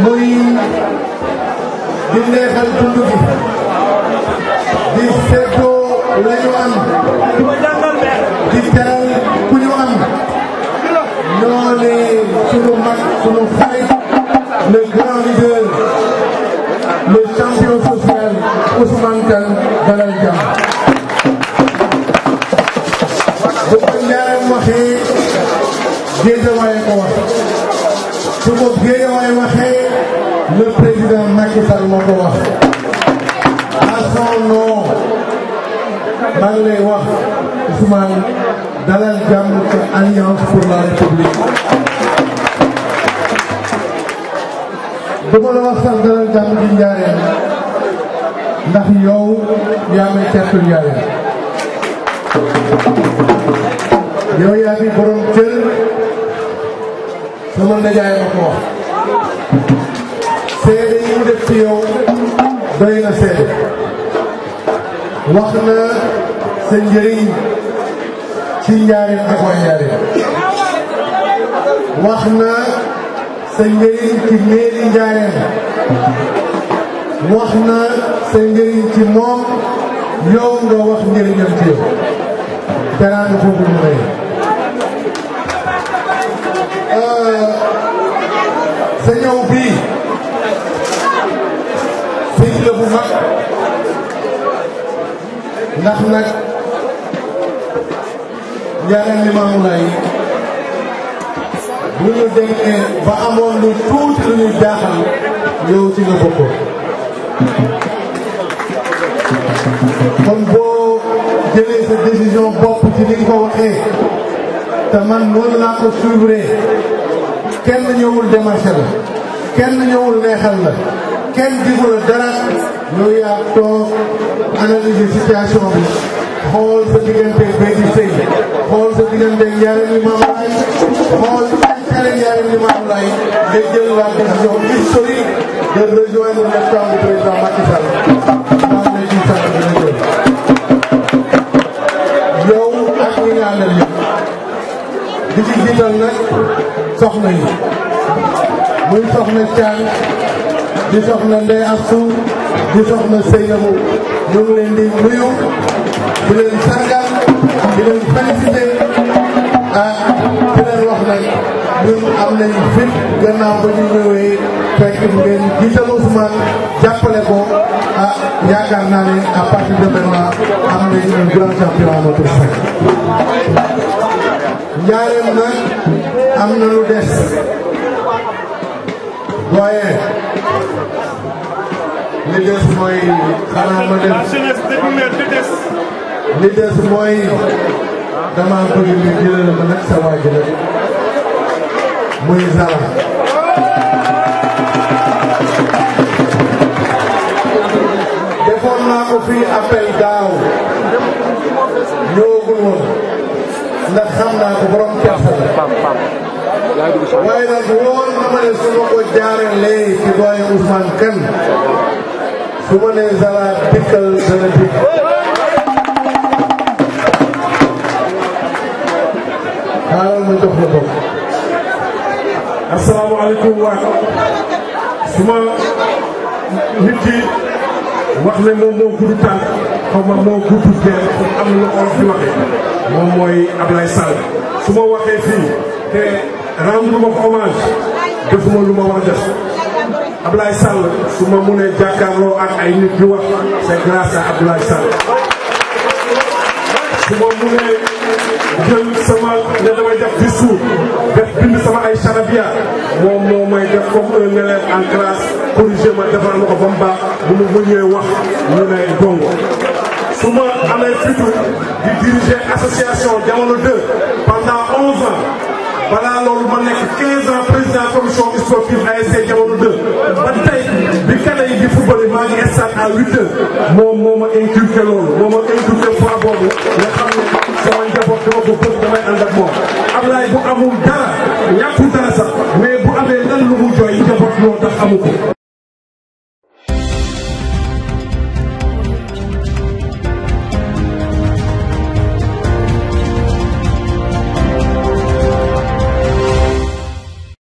muy di neexal dund gi di seddoo la ñu am di ku ñu am ñoo ne sunu mag sunu xarit le grand leader le champion social Ousmane Kane Dalal Jamm bu ko ñaaram waxee le président Macky Sall moo ko wax à son nom maa ngi lay wax Ousmane dalal jàmm ca alliance pour la république. dama la wax sax dalal jàmm ci Njaaréem ndax yow yaa may tertu yow yaa fi borom cër sama nijaay ma ko seede yi mu def ci yow doy na seede wax na sa njëriñ ci njaareem ak waa njaareem wax na sa njëriñ ci meeri njaareem wax na sa la bu mag ndax nag ñaareel li maamu laay bu ñu demee ba amoon lu tuuti lu ñuy jaaxal yow ci nga bokkoon kon boo jëlee sa décision bopp ci li nga ko waxee te man noonu laa ko suivre kenn ñëwul démarché la kenn ñëwul neexal la kenn digul dara ñu yaa toog analyser situation bi xool sa diggante béy di sëy xool sa diggante yaram yi maam laay xool intérêt yaram yi maam laay nga jël la décision historique de rejoindre le camp du président Macky Sall maa ngi lay sant di la gërëm yow ak ñi nga àndal yëpp di ci jiital nag soxna yi muy soxna Thiam di soxna Ndeye Assou di soxna Seynabou ñu leen di nuyu di leen sargal di leen félicité ah di leen wax nag ñun am nañ fit gannaaw ba ñu ñëwee fekk ngeen jiital Ousmane jàppale ko ah yaakaar naa ne a partir de maintenant am nañ un grand champion à notre sac. Njaareem nag am na lu des waaye. li des mooy xanaa ma def li des mooy dama bëgg ñu jëlal ma nag sa waa ji rek muy Zala. defoon naa ko fii appel daaw ñëwagul woon ndax xam naa ko borom kersa la waaye nag woon na ma ne su ma ko jaaralee ci doyen Ousmane Kane. su ma nee Zara dikkal dana dikk. la ko. asalaamaaleykum wa suma nit yi wax ne moom moo ma moo gudd benn am lu olof di waxee moom mooy Ablaye Sall su ma waxee fii ma ko hommage defuma lu ma war Ablaye Sall su ma mënee ak ay nit ñu wax c'est grâce à Ablaye Sall su ma mënee jël sama ne damay def discours def bind ay charabia moom moo may def comme un élève en classe corrigé ma defal ma ko mu baax mu mënee wax ñu ne gongo su ma fitu di diriger association jamono 2 pendant 11 ans balaa loolu ma nekk 15 ans président commission sportive ASC Jamono 2 ba tey bi xale yi di football maa ngi stade à 8 heures moom moo ma inculqué loolu moo ma inculqué foi boobu nga xam ne sama njaboot dama ko bëgg damay ànd ak moom. bu amul dara ñàkkul dara sax mais bu amee lan lu mu jooy njaboot moo tax amu ko.